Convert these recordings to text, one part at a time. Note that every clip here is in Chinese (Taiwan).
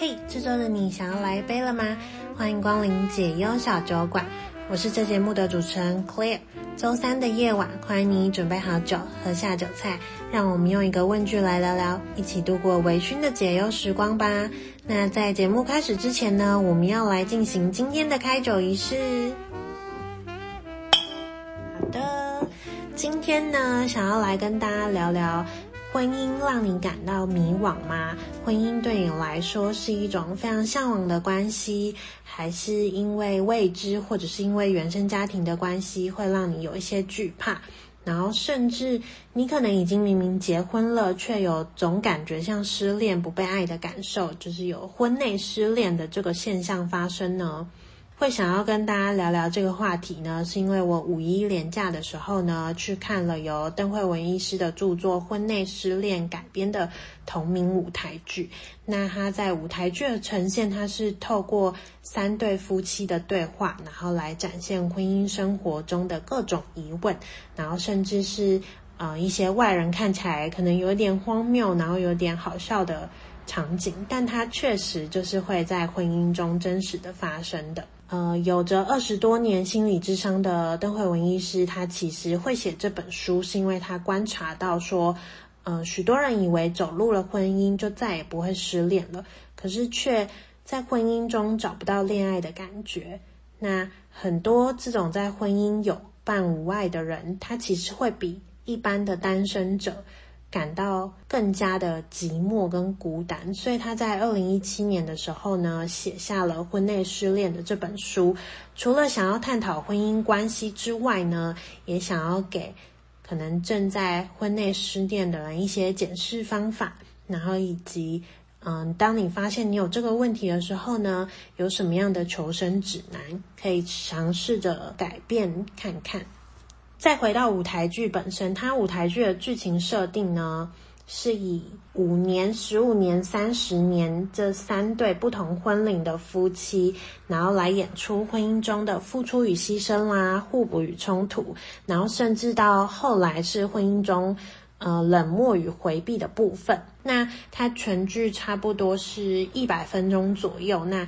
嘿，這週的你想要來一杯了嗎？歡迎光臨解憂小酒館，我是這節目的主持人 Claire。週三的夜晚，歡迎你準備好酒和下酒菜，讓我們用一個問句來聊聊，一起度過微醺的解憂時光吧。那在節目開始之前呢，我們要來進行今天的開酒儀式。好的，今天呢，想要來跟大家聊聊。婚姻讓你感到迷惘嗎？婚姻對你來說是一種非常向往的關係，還是因為未知，或者是因為原生家庭的關係，會讓你有一些懼怕？然後，甚至你可能已經明明結婚了，卻有種感覺像失戀、不被愛的感受，就是有婚內失戀的這個現象發生呢？會想要跟大家聊聊這個話題呢，是因為我五一連假的時候呢，去看了由鄧惠文醫師的著作《婚內失戀》改編的同名舞台劇。那他在舞台劇的呈現，他是透過三對夫妻的對話，然後來展現婚姻生活中的各種疑問，然後甚至是呃一些外人看起來可能有點荒謬，然後有點好笑的場景，但他確實就是會在婚姻中真實的發生的。呃，有着二十多年心理諮商的鄧惠文醫師，他其實會寫這本書，是因為他觀察到說，呃，許多人以為走入了婚姻就再也不會失戀了，可是卻在婚姻中找不到戀愛的感覺。那很多這種在婚姻有伴無愛的人，他其實會比一般的單身者，感到更加的寂寞跟孤單，所以他在二零一七年的時候呢，寫下了《婚內失戀》的這本書。除了想要探討婚姻關係之外呢，也想要給可能正在婚內失戀的人一些檢視方法，然後以及，嗯，當你發現你有這個問題的時候呢，有什麼樣的求生指南可以嘗試着改變看看。再回到舞台劇本身，它，舞台劇的劇情設定呢，是以五年、十五年、三十年這三對不同婚齡的夫妻，然後來演出婚姻中的付出與犧牲啦、啊，互補與衝突，然後甚至到後來是婚姻中，呃，冷漠與回避的部分。那它全劇差不多是一百分鐘左右。那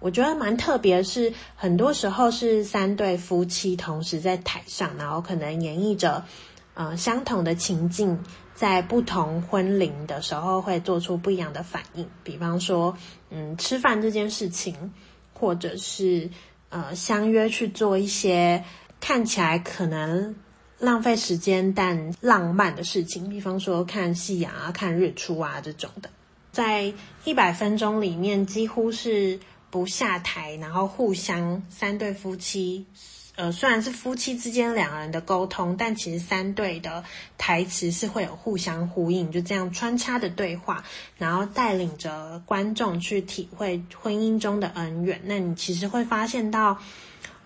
我覺得蠻特別，是很多時候是三對夫妻同時在台上，然後可能演繹着、呃，相同的情境，在不同婚齡的時候會做出不一樣的反應。比方說，嗯，吃飯這件事情，或者是呃，相約去做一些看起來可能浪費時間但浪漫的事情，比方說看夕陽啊、看日出啊這種的，在一百分鐘裡面幾乎是。不下台，然後互相三對夫妻，呃，雖然是夫妻之間兩個人的溝通，但其實三對的台詞是會有互相呼應，就這樣穿插的對話，然後帶領着觀眾去體會婚姻中的恩怨。那你其實會發現到，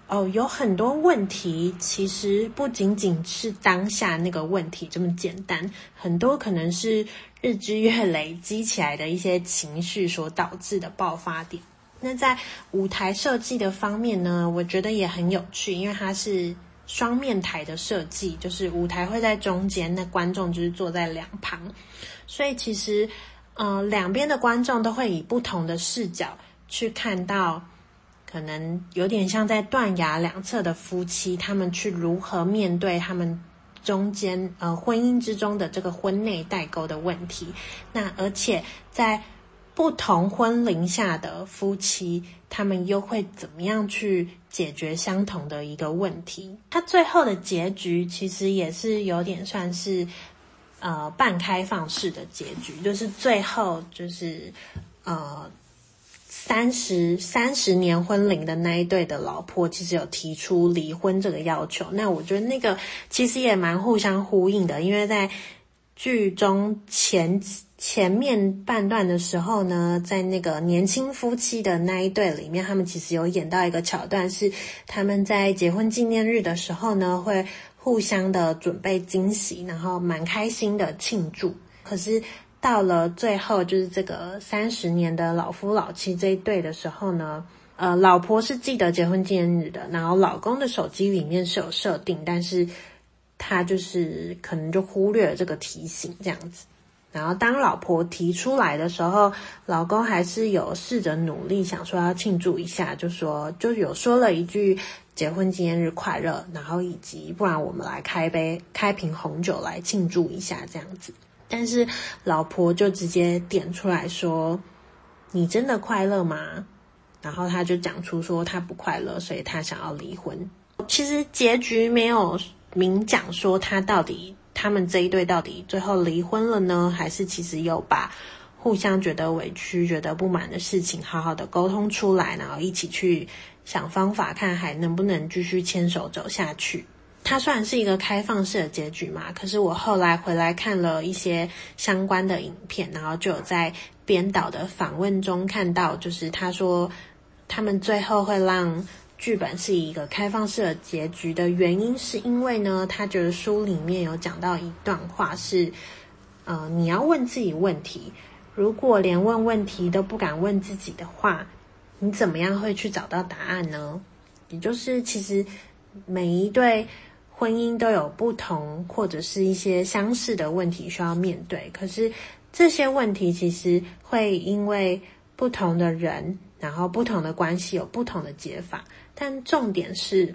哦、呃，有很多問題其實不僅僅是當下那個問題這麼簡單，很多可能是日積月累積起來的一些情緒所導致的爆發點。那在舞台設計的方面呢，我覺得也很有趣，因為它是雙面臺的設計，就是舞台會在中間，那觀眾就是坐在兩旁，所以其實，呃，兩邊的觀眾都會以不同的視角去看到，可能有點像在斷崖兩側的夫妻，他們去如何面對他們中間，呃，婚姻之中的這個婚內代溝的問題。那而且在不同婚齡下的夫妻，他們又會怎麼樣去解決相同的一個問題？他最後的結局其實也是有點算是，呃，半開放式的結局，就是最後就是，呃，三十三十年婚齡的那一對的老婆其實有提出離婚這個要求。那我覺得那個其實也蠻互相呼應的，因為在劇中前。前面半段的時候呢，在那個年輕夫妻的那一對裡面，他們其實有演到一個橋段，是他們在結婚紀念日的時候呢，會互相的準備驚喜，然後蠻開心的慶祝。可是到了最後，就是這個三十年的老夫老妻這一對的時候呢，呃，老婆是記得結婚紀念日的，然後老公的手機裡面是有設定，但是他就是可能就忽略了這個提醒，這樣子。然後當老婆提出來的時候，老公還是有試着努力想說要慶祝一下，就說就有說了一句結婚紀念日快樂，然後以及不然我們來開杯開瓶紅酒來慶祝一下這樣子。但是老婆就直接點出來說：“你真的快樂嗎？”然後他就講出說他不快樂，所以他想要離婚。其實結局沒有明講說他到底。他們這一對到底最後離婚了呢，還是其實有把互相覺得委屈、覺得不滿的事情好好的溝通出來，然後一起去想方法，看還能不能繼續牽手走下去？它雖然是一個開放式的結局嘛，可是我後來回來看了一些相關的影片，然後就有在編導的訪問中看到，就是他說他們最後會讓。劇本是一個開放式的結局的原因，是因為呢，他覺得書裡面有講到一段話是，呃，你要問自己問題，如果連問問題都不敢問自己的話，你怎麼樣會去找到答案呢？也就是，其實每一對婚姻都有不同或者是一些相似的問題需要面對，可是這些問題其實會因為。不同的人，然後不同的關係有不同的解法，但重點是，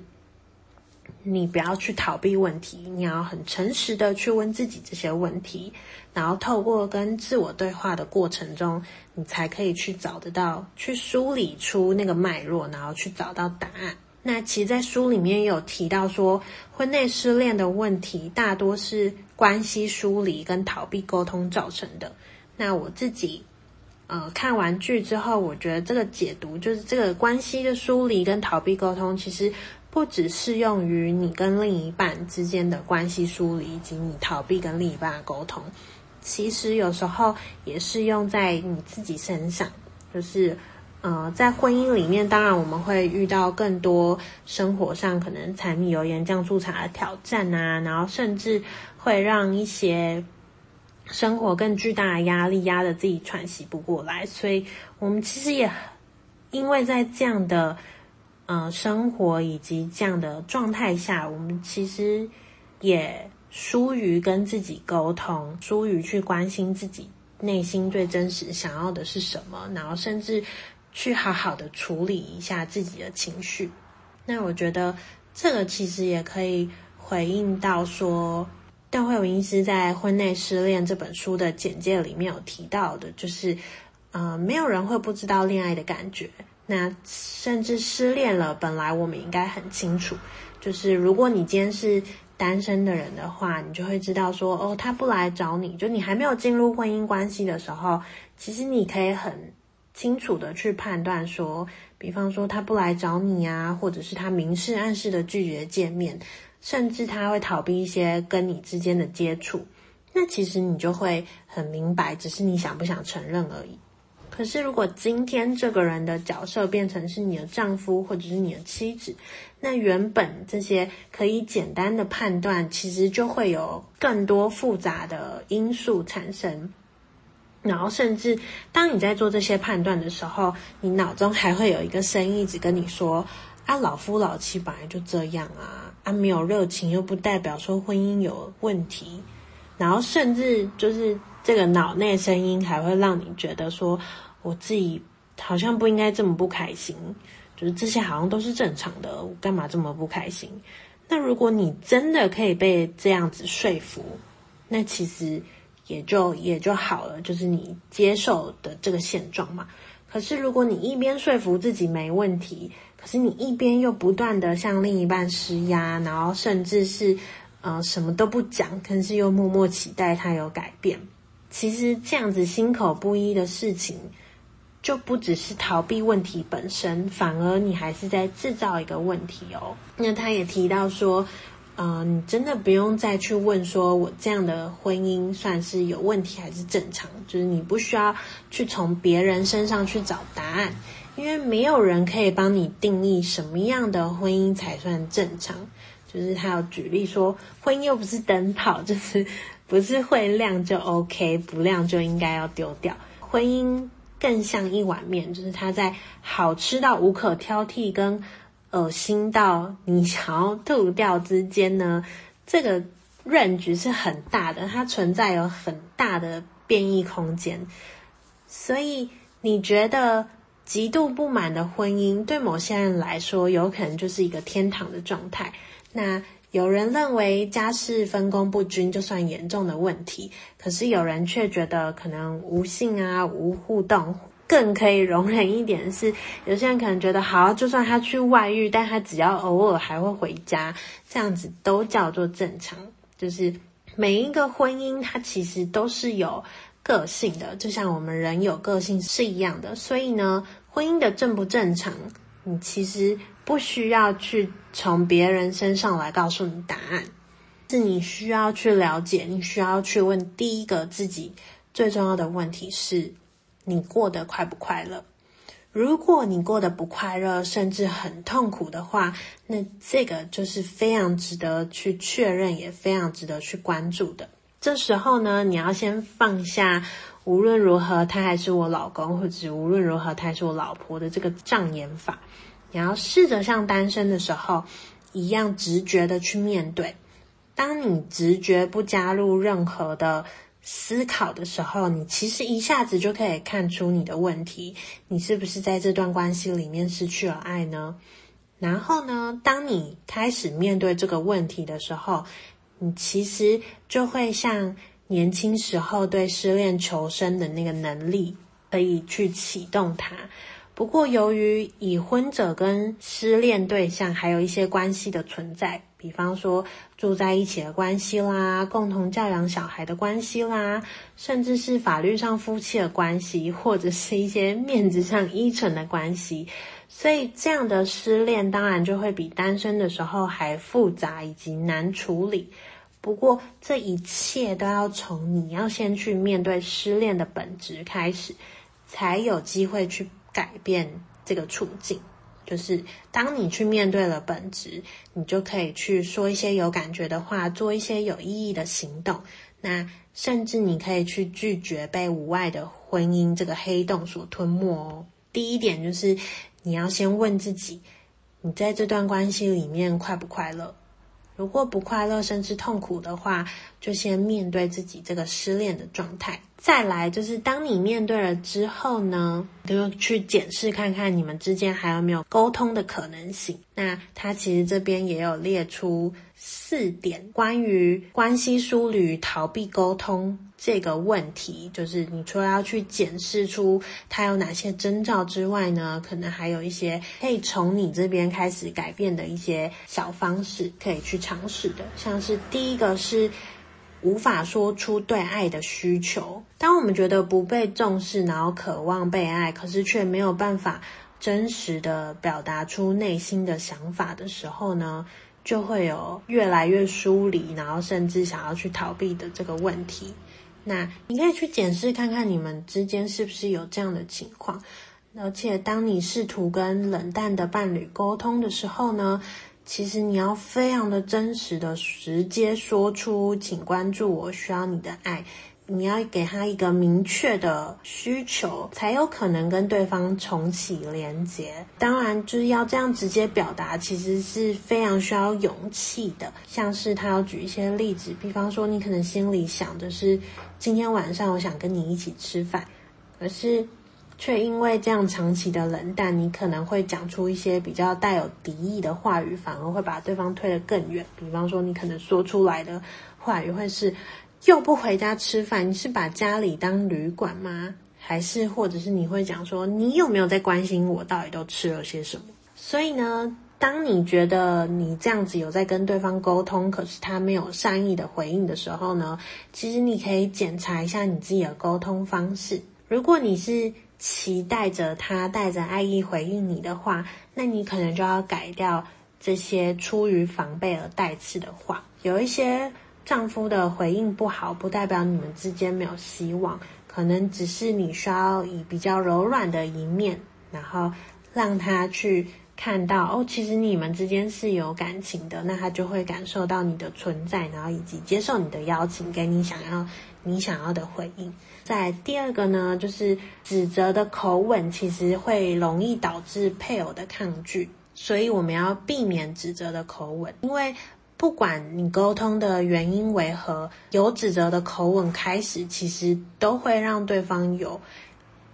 你不要去逃避問題，你要很誠實的去問自己這些問題，然後透過跟自我對話的過程中，你才可以去找得到，去梳理出那個脈絡，然後去找到答案。那其實，在書裡面有提到說，婚內失戀的問題大多是關係疏離跟逃避溝通造成的。那我自己。呃，看完劇之後，我覺得這個解讀就是這個關係的疏離跟逃避溝通，其實不只適用於你跟另一半之間的關係疏離，以及你逃避跟另一半的溝通，其實有時候也適用在你自己身上。就是，呃，在婚姻裡面，當然我們會遇到更多生活上可能柴米油鹽醬醋茶的挑戰啊，然後甚至會讓一些。生活更巨大的壓力壓得自己喘息不過來，所以我們其實也，因為在這樣的，呃，生活以及這樣的狀態下，我們其實也疏於跟自己溝通，疏於去關心自己內心最真實想要的是什麼，然後甚至去好好的處理一下自己的情緒。那我覺得這個其實也可以回應到說。但惠文醫師在《婚內失戀》這本書的簡介裡面有提到的，就是，呃，沒有人會不知道戀愛的感覺。那甚至失戀了，本來我們應該很清楚。就是如果你今天是單身的人的話，你就會知道說，哦，他不來找你，就你還沒有進入婚姻關係的時候，其實你可以很清楚的去判斷說，比方說他不來找你啊，或者是他明示暗示的拒絕見面。甚至他會逃避一些跟你之間的接觸，那其實你就會很明白，只是你想不想承認而已。可是如果今天這個人的角色變成是你的丈夫或者是你的妻子，那原本這些可以簡單的判斷，其實就會有更多複雜的因素產生。然後，甚至當你在做這些判斷的時候，你腦中還會有一個聲音一直跟你說。啊，老夫老妻本來就這樣啊！啊，沒有熱情又不代表說婚姻有問題。然後甚至就是這個腦內聲音還會讓你覺得說，我自己好像不應該這麼不開心，就是這些好像都是正常的，我幹嘛這麼不開心？那如果你真的可以被這樣子說服，那其實也就也就好了，就是你接受的這個現狀嘛。可是如果你一邊說服自己沒問題，可是你一邊又不斷的向另一半施壓，然後甚至是，呃，什麼都不講，可是又默默期待他有改變。其實這樣子心口不一的事情，就不只是逃避問題本身，反而你還是在製造一個問題哦。那他也提到說，嗯，呃，你真的不用再去問，說我這樣的婚姻算是有問題還是正常？就是你不需要去從別人身上去找答案。因為沒有人可以幫你定義什麼樣的婚姻才算正常，就是他有舉例說，婚姻又不是燈泡，就是不是會亮就 OK，不亮就應該要丟掉。婚姻更像一碗麵，就是它在好吃到無可挑剔跟噁心到你想要吐掉之間呢，這個 range 是很大的，它存在有很大的變異空間。所以你覺得？極度不滿的婚姻，對某些人來說，有可能就是一個天堂的狀態。那有人認為家事分工不均就算嚴重的問題，可是有人卻覺得可能無性啊、無互動更可以容忍一點是，是有些人可能覺得好，就算他去外遇，但他只要偶爾還會回家，這樣子都叫做正常。就是每一個婚姻它其實都是有個性的，就像我們人有個性是一樣的。所以呢。婚姻的正不正常，你其實不需要去從別人身上來告訴你答案，是你需要去了解，你需要去問第一個自己最重要的問題是你過得快不快樂？如果你過得不快樂，甚至很痛苦的話，那這個就是非常值得去確認，也非常值得去關注的。這時候呢，你要先放下，無論如何他還是我老公，或者無論如何他還是我老婆的這個障眼法。你要試着像單身的時候一樣直覺的去面對。當你直覺不加入任何的思考的時候，你其實一下子就可以看出你的問題，你是不是在這段關係裡面失去了愛呢？然後呢，當你開始面對這個問題的時候。你其實就會像年輕時候對失戀求生的那個能力，可以去啟動它。不過，由於已婚者跟失戀對象還有一些關係的存在，比方說住在一起的關係啦，共同教養小孩的關係啦，甚至是法律上夫妻的關係，或者是一些面子上依存的關係。所以這樣的失戀當然就會比單身的時候還複雜以及難處理。不過這一切都要從你要先去面對失戀的本質開始，才有機會去改變這個處境。就是當你去面對了本質，你就可以去說一些有感覺的話，做一些有意義的行動。那甚至你可以去拒絕被無愛的婚姻這個黑洞所吞沒哦。第一點就是。你要先問自己，你在這段關係裡面快不快樂？如果不快樂，甚至痛苦的話，就先面對自己這個失戀的狀態。再來就是，當你面對了之後呢，就去檢視看看你們之間還有沒有溝通的可能性。那它其實這邊也有列出四點關於關係疏離逃避溝通這個問題，就是你除了要去檢視出它有哪些徵兆之外呢，可能還有一些可以從你這邊開始改變的一些小方式可以去嘗試的，像是第一個是。無法說出對愛的需求。當我們覺得不被重視，然後渴望被愛，可是卻沒有辦法真實的表達出內心的想法的時候呢，就會有越來越疏離，然後甚至想要去逃避的這個問題。那你可以去檢視看看你們之間是不是有這樣的情況。而且，當你試圖跟冷淡的伴侶溝通的時候呢，其實你要非常的真實的直接說出，請關注我，需要你的愛。你要給他一個明確的需求，才有可能跟對方重啟連接。當然，就是要這樣直接表達，其實是非常需要勇氣的。像是他要舉一些例子，比方說，你可能心裡想的是，今天晚上我想跟你一起吃飯，可是，卻因為這樣長期的冷淡，你可能會講出一些比較帶有敵意的話語，反而會把對方推得更遠。比方說，你可能說出來的話語會是“又不回家吃飯，你是把家裡當旅館嗎？”還是或者是你會講說“你有沒有在關心我到底都吃了些什麼？”所以呢，當你覺得你這樣子有在跟對方溝通，可是他沒有善意的回應的時候呢，其實你可以檢查一下你自己的溝通方式。如果你是期待着他帶着愛意回應你的話，那你可能就要改掉這些出於防備而帶刺的話。有一些丈夫的回應不好，不代表你們之間沒有希望，可能只是你需要以比較柔軟的一面，然後讓他去看到哦，其實你們之間是有感情的，那他就會感受到你的存在，然後以及接受你的邀請，給你想要你想要的回應。在第二個呢，就是指責的口吻，其實會容易導致配偶的抗拒，所以我們要避免指責的口吻。因為不管你溝通的原因為何，有指責的口吻開始，其實都會讓對方有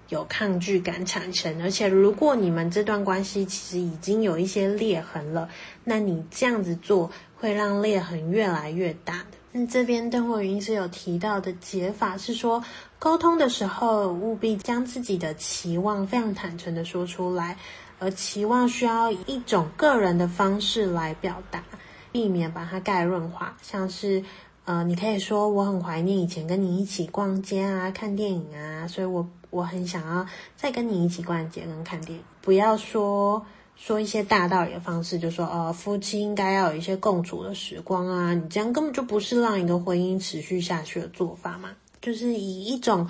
有抗拒感產生。而且，如果你們這段關係其實已經有一些裂痕了，那你這樣子做會讓裂痕越來越大的。那這邊鄧惠文是有提到的解法是說，溝通的時候務必將自己的期望非常坦誠的說出來，而期望需要以一種個人的方式來表達，避免把它概論化。像是，呃，你可以說我很懷念以前跟你一起逛街啊、看電影啊，所以我我很想要再跟你一起逛街跟看電影。不要說。說一些大道理的方式，就說呃，哦，夫妻應該要有一些共處的時光啊，你這樣根本就不是讓一個婚姻持續下去的做法嘛。就是以一種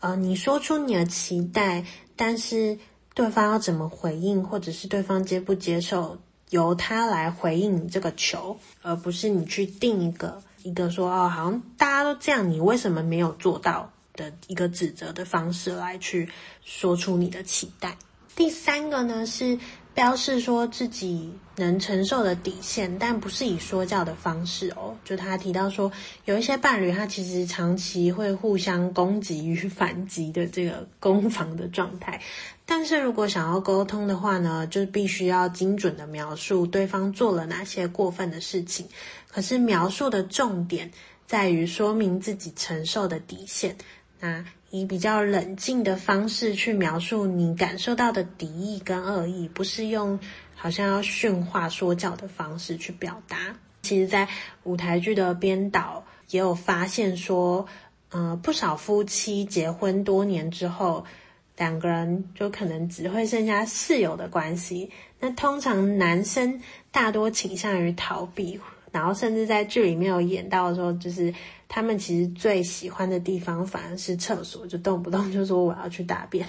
呃，你說出你的期待，但是對方要怎麼回應，或者是對方接不接受，由他來回應你這個球，而不是你去定一個一個說哦，好像大家都這樣，你為什麼沒有做到的一個指責的方式來去說出你的期待。第三個呢是。表示說自己能承受的底線，但不是以說教的方式哦。就他提到說，有一些伴侶他其實長期會互相攻擊與反擊的這個攻防的狀態，但是如果想要溝通的話呢，就必須要精準的描述對方做了哪些過分的事情。可是描述的重點在於說明自己承受的底線。那。以比較冷靜的方式去描述你感受到的敵意跟惡意，不是用好像要訓話、說教的方式去表達。其實，在舞台劇的編導也有發現說，呃，不少夫妻結婚多年之後，兩個人就可能只會剩下室友的關係。那通常男生大多傾向於逃避。然後甚至在劇裡面有演到的時候，就是他們其實最喜歡的地方反而是廁所，就動不動就說我要去大便。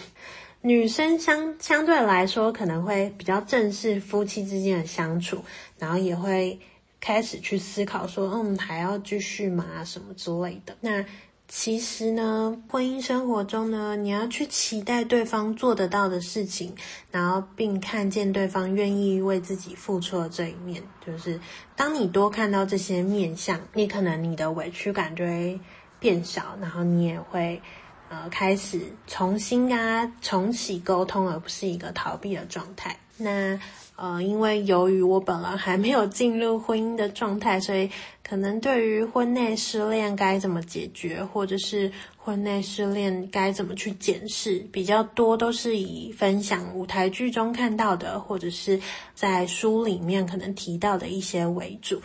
女生相相對來說可能會比較正視夫妻之間的相處，然後也會開始去思考說，嗯，還要繼續嗎？什麼之類的。那。其實呢，婚姻生活中呢，你要去期待對方做得到的事情，然後並看見對方願意為自己付出的這一面，就是當你多看到這些面相，你可能你的委屈感就會變少，然後你也會呃開始重新啊重啟溝通，而不是一個逃避的狀態。那呃，因為由於我本人還沒有進入婚姻的狀態，所以可能對於婚內失戀該怎麼解決，或者是婚內失戀該怎麼去檢視，比較多都是以分享舞台劇中看到的，或者是在書裡面可能提到的一些為主。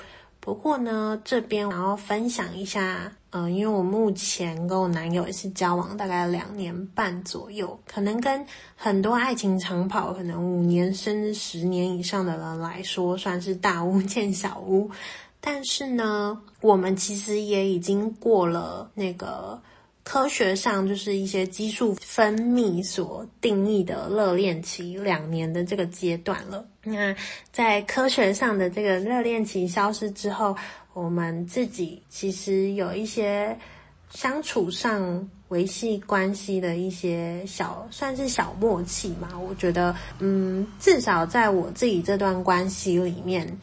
不過呢，這邊我要分享一下，嗯、呃，因為我目前跟我男友也是交往大概兩年半左右，可能跟很多愛情長跑，可能五年甚至十年以上的人來說，算是大巫見小巫。但是呢，我們其實也已經過了那個科學上就是一些激素分泌所定義的熱戀期兩年的這個階段了。那在科學上的這個熱戀期消失之後，我們自己其實有一些相處上維繫關係的一些小，算是小默契嘛。我覺得，嗯，至少在我自己這段關係裡面，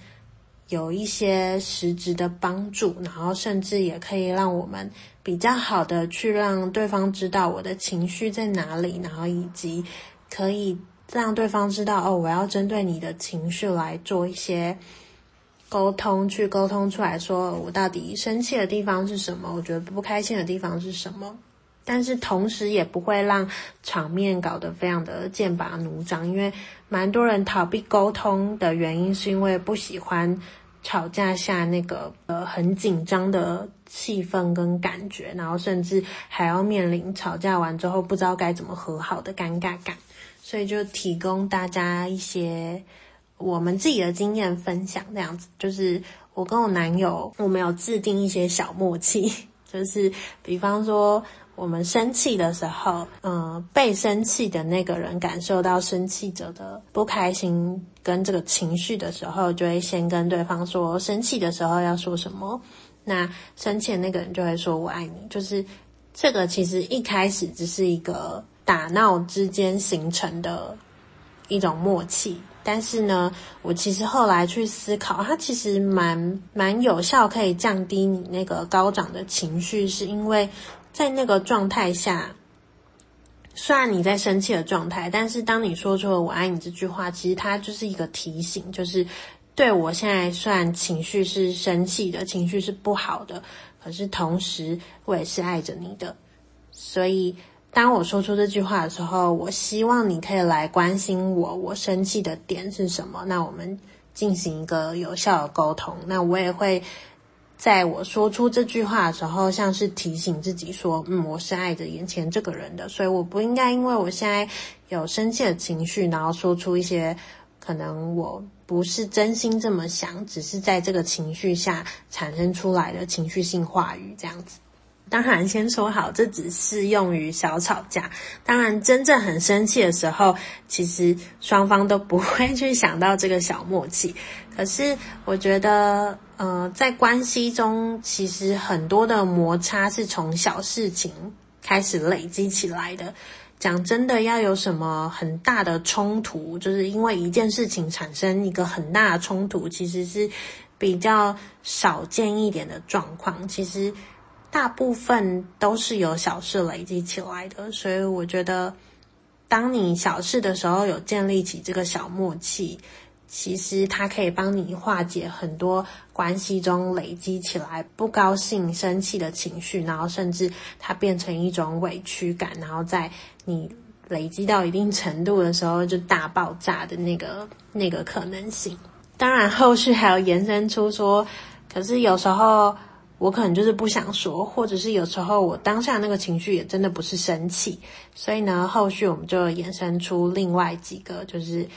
有一些實質的幫助，然後甚至也可以讓我們比較好的去讓對方知道我的情緒在哪裡，然後以及可以。這讓對方知道哦，我要針對你的情緒來做一些溝通，去溝通出來說我到底生氣的地方是什麼，我覺得不開心的地方是什麼。但是同時也不會讓場面搞得非常的劍拔弩張，因為蠻多人逃避溝通的原因是因為不喜歡吵架下那個呃很緊張的氣氛跟感覺，然後甚至還要面臨吵架完之後不知道該怎麼和好的尷尬感。所以就提供大家一些我們自己的經驗分享，這樣子就是我跟我男友，我們有制定一些小默契，就是比方說我們生氣的時候，嗯、呃，被生氣的那個人感受到生氣者的不開心跟這個情緒的時候，就會先跟對方說生氣的時候要說什麼，那生氣的那個人就會說“我愛你”，就是這個其實一開始只是一個。打鬧之間形成的一種默契，但是呢，我其實後來去思考，它其實蠻蠻有效，可以降低你那個高漲的情緒，是因為在那個狀態下，雖然你在生氣的狀態，但是當你說出了“我愛你”這句話，其實它就是一個提醒，就是對我現在雖然情緒是生氣的，情緒是不好的，可是同時我也是愛着你的，所以。當我說出這句話的時候，我希望你可以來關心我，我生氣的點是什麼？那我們進行一個有效的溝通。那我也會在我說出這句話的時候，像是提醒自己說：“嗯，我是愛着眼前這個人的，所以我不應該因為我現在有生氣的情緒，然後說出一些可能我不是真心這麼想，只是在這個情緒下產生出來的情緒性話語這樣子。”當然，先說好，這只適用於小吵架。當然，真正很生氣的時候，其實雙方都不會去想到這個小默契。可是，我覺得，呃，在關係中，其實很多的摩擦是從小事情開始累積起來的。講真的，要有什麼很大的衝突，就是因為一件事情產生一個很大的衝突，其實是比較少見一點的狀況。其實。大部分都是由小事累積起來的，所以我覺得，當你小事的時候有建立起這個小默契，其實它可以幫你化解很多關係中累積起來不高興、生氣的情緒，然後甚至它變成一種委屈感，然後在你累積到一定程度的時候，就大爆炸的那個那個可能性。當然後續還有延伸出說，可是有時候。我可能就是不想說，或者是有時候我當下的那個情緒也真的不是生氣，所以呢，後續我們就衍生出另外幾個，就是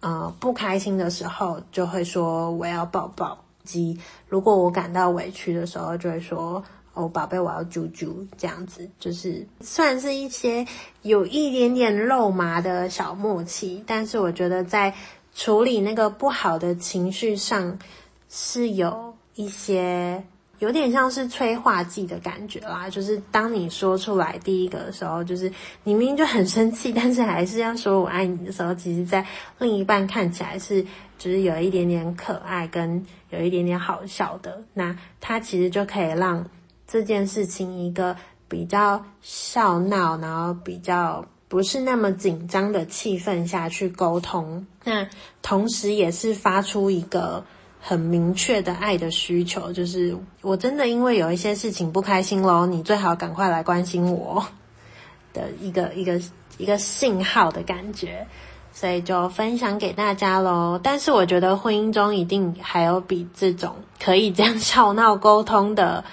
呃不開心的時候就會說我要抱抱雞，如果我感到委屈的時候就會說哦寶貝我要啾啾，這樣子就是算是一些有一點點肉麻的小默契，但是我覺得在處理那個不好的情緒上是有一些。有點像是催化劑的感覺啦，就是當你說出來第一個的時候，就是你明明就很生氣，但是還是要說我愛你的時候，其實在另一半看起來是就是有一點點可愛跟有一點點好笑的，那它其實就可以讓這件事情一個比較笑鬧，然後比較不是那麼緊張的氣氛下去溝通，那同時也是發出一個。很明確的愛的需求，就是我真的因為有一些事情不開心咯，你最好趕快來關心我的一個一個一個信號的感覺，所以就分享給大家咯。但是我覺得婚姻中一定還有比這種可以這樣笑鬧溝通的。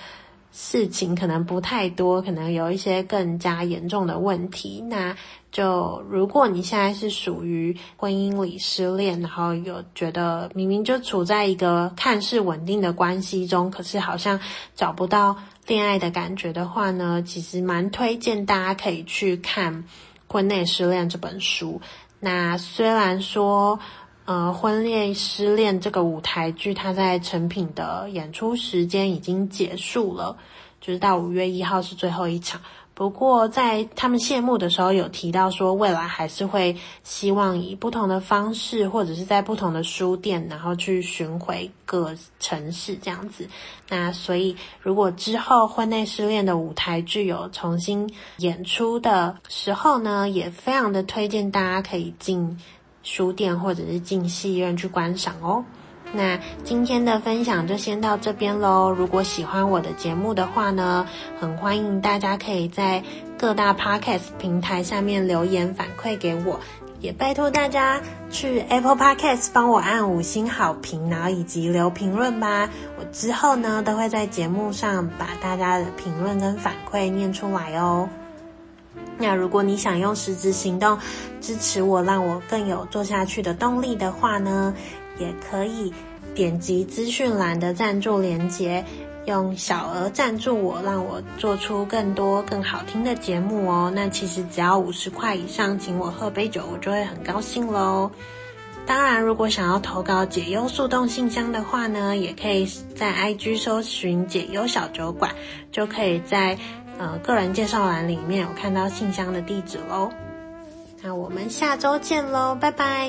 事情可能不太多，可能有一些更加嚴重的問題。那就如果你現在是屬於婚姻裡失戀，然後有覺得明明就處在一個看似穩定的關係中，可是好像找不到戀愛的感覺的話呢，其實蠻推薦大家可以去看《婚內失戀》這本書。那雖然說，呃、嗯，婚內失戀這個舞台劇，它在誠品的演出時間已經結束了，就是到五月一號是最後一場。不過在他們謝幕的時候有提到說，未來還是會希望以不同的方式，或者是在不同的書店，然後去巡迴各城市這樣子。那所以，如果之後婚內失戀的舞台劇有重新演出的時候呢，也非常的推薦大家可以進。書店，或者是進戲院去觀賞哦。那今天的分享就先到這邊嘍。如果喜歡我的節目的話呢，很歡迎大家可以在各大 Podcast 平台下面留言反饋給我，也拜托大家去 Apple Podcast 幫我按五星好評，然後以及留評論吧。我之後呢都會在節目上把大家的評論跟反饋唸出來哦。那如果你想用實質行動支持我，讓我更有做下去的動力的話呢，也可以點擊資訊欄的贊助連結，用小額贊助我，讓我做出更多更好聽的節目哦。那其實只要五十塊以上，請我喝杯酒，我就會很高興嘍。當然，如果想要投稿解憂樹洞信箱的話呢，也可以在 IG 搜尋“解憂小酒館”，就可以在。呃，個人介紹欄裡面有看到信箱的地址嘍，那我們下周見嘍，拜拜。